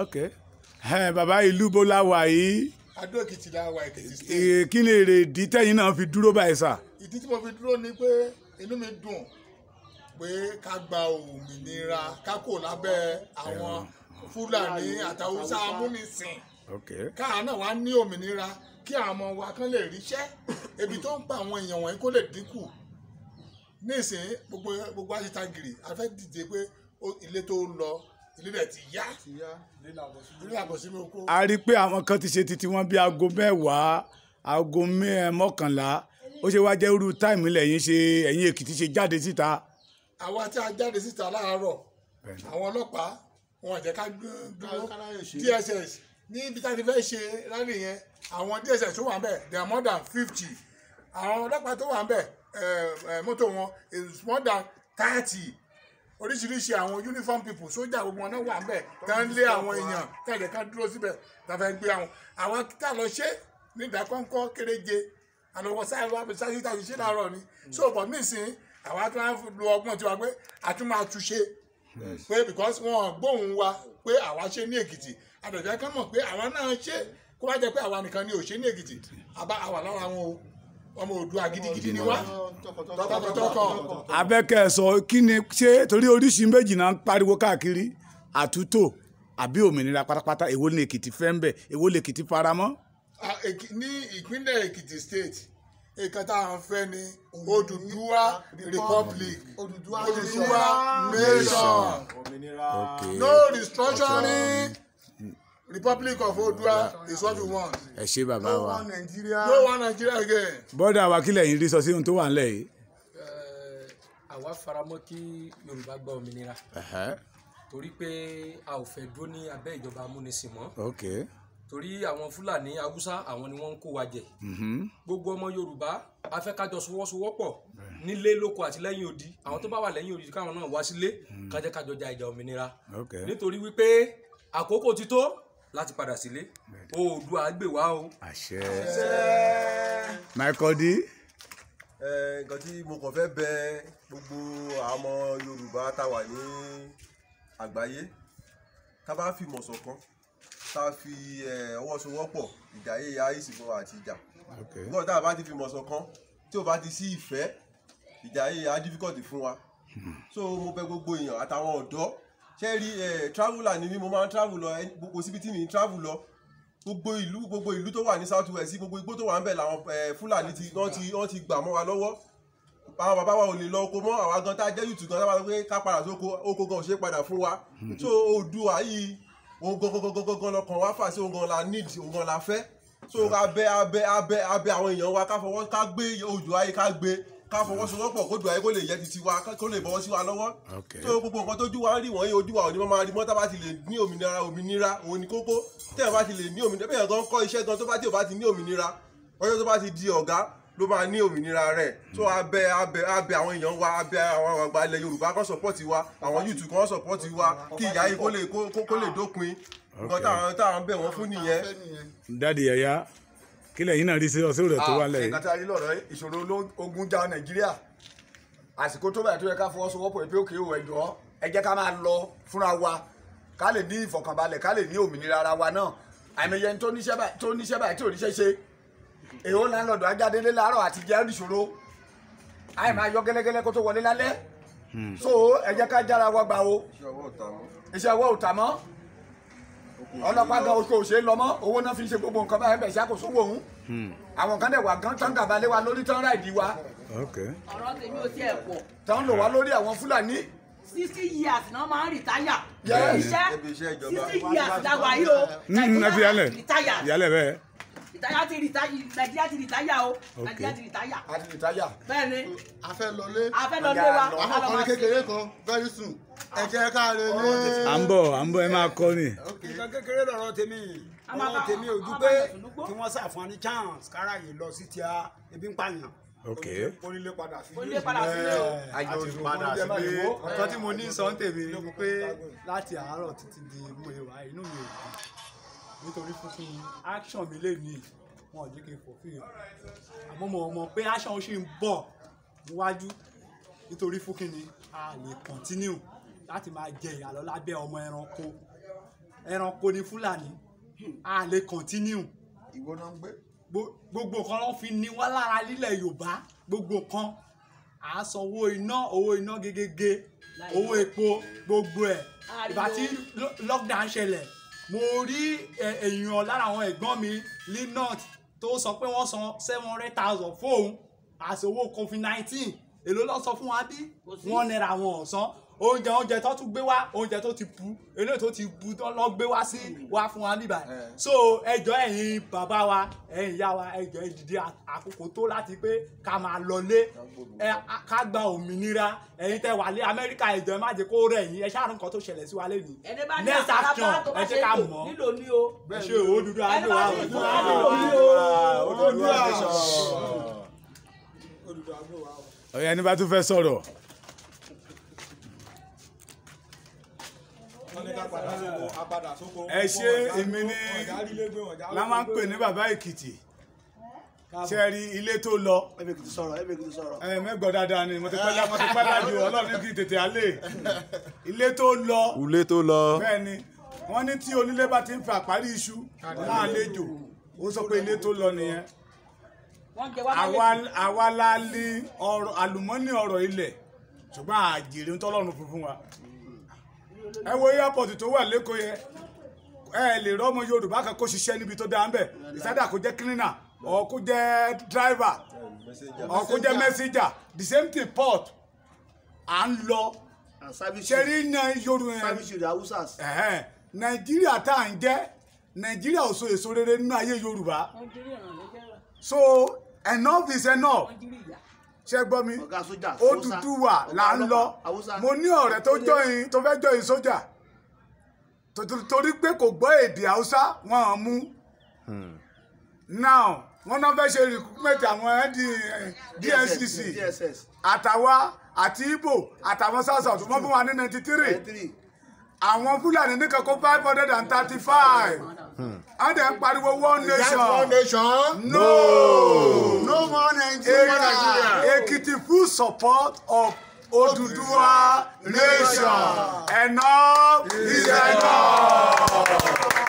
ok eh, bàbá ìlú bó la wà yìí. adó èkìtì la wà èkìtì state. kí ni èrè ìdí tẹ̀yìn náà fi dúró báyìí sà. ìdí tí mo fi dúró ni pé inú mi dùn pé ká gba òmìnira ká kò lábẹ́ àwọn fúlàní àtàwùsá amúnisìn káà náà wá ní òmìnira kí àwọn wa kan lè ríṣẹ́ ebi tó ń pa àwọn èèyàn wọ̀nyí kó lè dínkù nísìnyí gbogbo gbogbo àṣetagìrì a fẹ́ dìde pé ilé tó lọ ilé ti yá ilé àbọ̀ sínú oko. a rí i pé àwọn kan ti ṣe titi wọn bíi aago mẹ́wàá aago eh, mọ́kànlá ó ṣe wá jẹ́ irú táìmù lẹ́yìn ṣe ẹ̀yìn Èkìtì ṣe jáde síta. àwa tí a jáde síta láàárọ̀ àwọn ọlọ́pàá wọn jẹ́ ká dúró DSS ní ibi tá a ti fẹ́ ṣe rally yẹn àwọn DSS tó wà ń they are more than fifty àwọn ọlọ́pàá tó wà ń eh, eh, mọ́tò wọn is more than thirty oríṣiríṣi àwọn uniform people sójà gbogbo wọn náà wà ń bẹ̀ tá ń lé àwọn èèyàn tẹ̀lé ká dúró síbẹ̀ tàbí gbé àwọn àwọn tá lọ ṣe ní ìdákọ́ńkọ́ kéréje àlọ́wọ́ sáré wá bí sáré tàbí ṣe láàárọ̀ ni hmm. so but nísìnyí àwa tó ń lo ọgbọ́n tiwa pé a tún máa túṣe pé because wọn gbóhùn wa pé àwa ṣe ní Èkìtì àdọ̀jẹ́ kán mọ̀ pé àwa náà ṣe kó bá jẹ́ pé àwa nìkan ni ò ṣe ní Èkìtì àbá àwa lára wọn o ọmọ Oòduà gidigidi ni wá tọkàntọkàn. abẹ́kẹ́ sọ kí ni ṣé torí oríṣi méjì náà ń pariwo káàkiri àtúntò àbí òmìnira pátápátá èwo ni Èkìtì fẹ́ ń bẹ̀ èwo lè Èkìtì faramọ́. ní ìpínlẹ̀ Èkìtì state nǹkan tá à ń fẹ́ ni Oòduà republic Oòduà nation no restructuring republic of odua is what we want. ẹ ṣe bàbá wa no one nigeria no one nigeria again. bọ́dà wa kílẹ̀ yìí rí sọ sí ohun tó wà nílẹ̀ yìí. Eh, àwa faramọ́ kí yorùbá gba òmìnira torí pé a ò fẹ́ dúró ní abẹ́ ìjọba amúnisìn mọ́. okay torí àwọn fúlàní haúsá àwọn ni wọ́n ń kó wa jẹ. Mhm. gbogbo ọmọ yorùbá a fẹ́ ká jọ sowọ́sowọ́pọ̀ nílé lóko àti lẹ́yìn odi àwọn tó bá wà lẹ́yìn odi káwọn náà wá sílé ká jẹ́ ká jọ ja ìjà òmìnira. nítorí wípé àkókò ti tó láti padà sílé oòdùà gbè wá o. àṣẹ Michael D. nǹkan tí mo kàn fẹ́ bẹ gbogbo àwọn Yorùbá tá a wà ní àgbáyé tá bá fi mọ̀sọ̀ kan fi ọwọ́ sowọ́pọ̀ ìdáyé àìsí fún wa àti ìjà nígbà tá a bá ti fi mọ̀sọ̀ kan tí o bá ti sí ìfẹ́ ìdáyé á difficult fún wa hmm. so mo bẹ gbogbo èèyàn àtàwọn ọ̀dọ́ ṣe rí ẹ traveller ni mí mo máa ń travel lọ gbogbo síbi mi ń travel lọ gbogbo ìlú gbogbo ìlú tó wà ní south west gbogbo igbó tó wà ń bẹ̀ làwọn fúlàní ti wọ́n ti wọ́n ti gbà mọ́ wa lọ́wọ́ àwọn bàbá wa ò lè lọ oko mọ́ àwa gan tá a jẹ́ yùtù gan tá a bá sọ pé ká padà sóko oko gan ò ṣe padà fún wa so Oòduà yìí òun gangan lọkàn wá fà sí òun gan la need òun gan la fẹ́ so abẹ abẹ abẹ abẹ àwọn èèyàn wa ká fọwọ́ ká gbé Oòduà yìí ká gbé ká fọwọ́sowọ́pọ̀ kó dùn ayé kó lè yẹ titi wa kó lè bọ́wọ́ sí wa lọ́wọ́ tó gbogbo nǹkan tójú wa rí wọ́n yé ojú wa òní máa rí mọ́tà bá ti lè ní òmìnira òmìnira òun ni kókó tẹ́ẹ̀ bá ti lè ní òmìnira bẹ́ẹ̀ gan kọ́ iṣẹ́ gan tó bá ti ò bá ti ní òmìnira ọjọ́ tó bá ti di ọ̀gá ló máa ní òmìnira rẹ̀ tó hmm. abẹ abẹ abẹ àwọn èèyàn wa abẹ àwọn àgbà ilẹ̀ Yorùbá kan sọ̀pọ̀tì wa àwọn YouTube kan sọ̀pọ̀tì wa kí ìyá yìí kó lè ah. dópin nǹkan táwọn táwọn bẹ̀ wọ́n fún nìyẹn. dádì ẹ̀yà kí lẹ́yìn náà rí sí ọsẹ òrẹ tó ah, wà lẹ́yìn. nǹkan tí a rí lọ́rọ̀ ìṣòro ogun ja nàìjíríà àsìkò tó bẹ̀rẹ̀ tó yẹ ká fọwọ́sowọ́pọ̀ pé òkè òwò ẹ̀jọ́ ẹ jẹ́ ká máa lọ fúnra wa ká lè ní ìfọ̀kànbalẹ̀ ká lè ní òmìnira ara wa náà àìmọye tó níṣẹ́ báyìí tí ò níṣẹ́ ṣe èèwọ̀ láńlọ́dọ̀ ajádélé láàárọ̀ àti jẹ́ ìṣòro àì máa yọ gẹ́lẹ́gẹ́lẹ́ kó tó wọlé lálẹ́ hmm. so ẹ jẹ́ ká jára wa gbà o iṣẹ́ ọwọ́ ò tà mọ́ ọlọ́pàá gan oṣù òṣè lọ́mọ́ owó náà fi ṣe gbogbo nǹkan báyìí bẹ̀ ṣàkóso wò ń àwọn kan dẹ̀ wà gan tán gàbalẹ̀ wa lórí tán ráìdì wa. ọ̀rọ̀ tèmi ò tiẹ̀ pọ̀. tán lò wá lórí àwọn Fúlàní sixty years náà máa ń rìtáyà. iṣẹ́ sixty years la wà yìí o. Hmm, nàìjíríà ti rìtáyà. ìyálẹ̀ bẹ́ẹ̀. ìtayà ti rìtáyà nàìjíríà ti rìtáyà o. nàìjíríà ti rìtáyà. a ti rìtáyà. bẹ́ẹ̀ni. a fẹ́ lọlé. a fẹ́ lọlé wa. àwọn ọkùnrin kékeré kan very nǹkan kékeré lọ́rọ̀ tèmi ọ̀rọ̀ tèmi ò ju kí wọ́n ṣàfọn ní chance kára yìí lọ sí tíá ebi ń pààyàn ok onílé padà sílé onílé padà padà sílé ọ̀tọ̀ tí mo ní sọ ń tèmi ni pé láti àárọ̀ títí di mo ìwà inú mi ò dùn nítorí fúnfún action mi lè ní wọn ò jẹ́ kí n fò fìyàn àmọ́ mo mọ̀ pé action ṣì ń bọ̀ níwájú nítorí fúnkìnni a lè continue láti máa jẹ ìyàlọ́ lábẹ́ ọmọ ẹranko ẹranko ni fúlàní hmm. a lè kọ̀ntínú. ìwọ náà ń gbé. gbogbo nǹkan ló fi ni wá lára nílẹ̀ yorùbá gbogbo nǹkan à á san owó iná owó iná gegege owó epo gbogbo ẹ̀ ìgbà tí lockdown ṣẹlẹ̀ mo rí èèyàn lára àwọn ẹ̀gbọ́n mi linot tó sọ pé wọ́n san seven hundred thousand fóun àti owó covid nineteen èló ló sọ fún wa bí wọ́n nira àwọn ọ̀sán oúnjẹ oúnjẹ tó tún gbé wá oúnjẹ tó ti bu eléyìí tó ti bu tó lọ gbé wá sí wá fún wa níbà so ẹjọ ẹ̀yin bàbá wa ẹ̀yin ìyá wa ẹjọ ìdìde àkókò tó láti pé ká máa lọlé ká gba òmìnira ẹ̀yin tẹ́ wà lé Amẹ́ríkà ẹjọ ẹ má jẹ́ kó rẹ̀ yín ẹ ṣàrùn kan tó ṣẹlẹ̀ sí wa lẹ́nu next action ẹ ṣe ká mọ̀ ẹ ṣe Odùduwà Odùduwà Odùduwà Odùduwà Odùduwà Odùduwà ọ̀yẹ́ ẹni bá tún fẹ́ sọ̀rọ̀. ẹ ṣe èmi ní la máa ń pè ní bàbá èkìtì ṣe rí ilé tó lọ mẹgbọ dáadáa ni mo ti pẹ́ mo ti pẹ́ lájú ọlọ́run kì í tètè alẹ́ ilé tó lọ ilé tó lọ bẹ́ẹ̀ ni wọ́n ní tí onílé bá ti ń fa àparí iṣu náà lẹ́jọ́ ó sọ pé ilé tó lọ nìyẹn àwa la lé àlùmọ́nì ọ̀rọ̀ ilẹ̀ ṣùgbọ́n àjèrè ń tọ́lọ́run fún fún wa ẹ wo airport tó wà lẹ́kọ̀ọ́ yẹn ẹ lè rọ́mọ yorùbá kan kó ṣiṣẹ́ níbi tó dáa ń bẹ̀ ìsádà kó jẹ́ cleaner ọ̀ kó jẹ́ driver ọ̀ kó jẹ́ messenger the same thing port à ń lọ ṣẹ́rí na yorùbá nàìjíríà tá à ń jẹ́ nàìjíríà ò so èso rere nínú ayé yorùbá so enough is enough ṣe gbọ́ mi Odùduwà là ń lọ mo ní ọ̀rẹ́ tó jọyìn tó fẹ́ jọyìn sójà torí pé kò gbọ́ èdè haúsá wọn hàn mú hmm. now wọn náà fẹ́ ṣe recruitment àwọn DSCC eh, àtàwa àti Igbo àtàwọn south south wọn fún wa ní ninety three àwọn Fúlàní nìkan kó five hundred and thirty five a dẹ̀ ń pariwo one nation. one nation. no no more Nigeria. Ekiti full support of Oduduwa nation. enough is enough.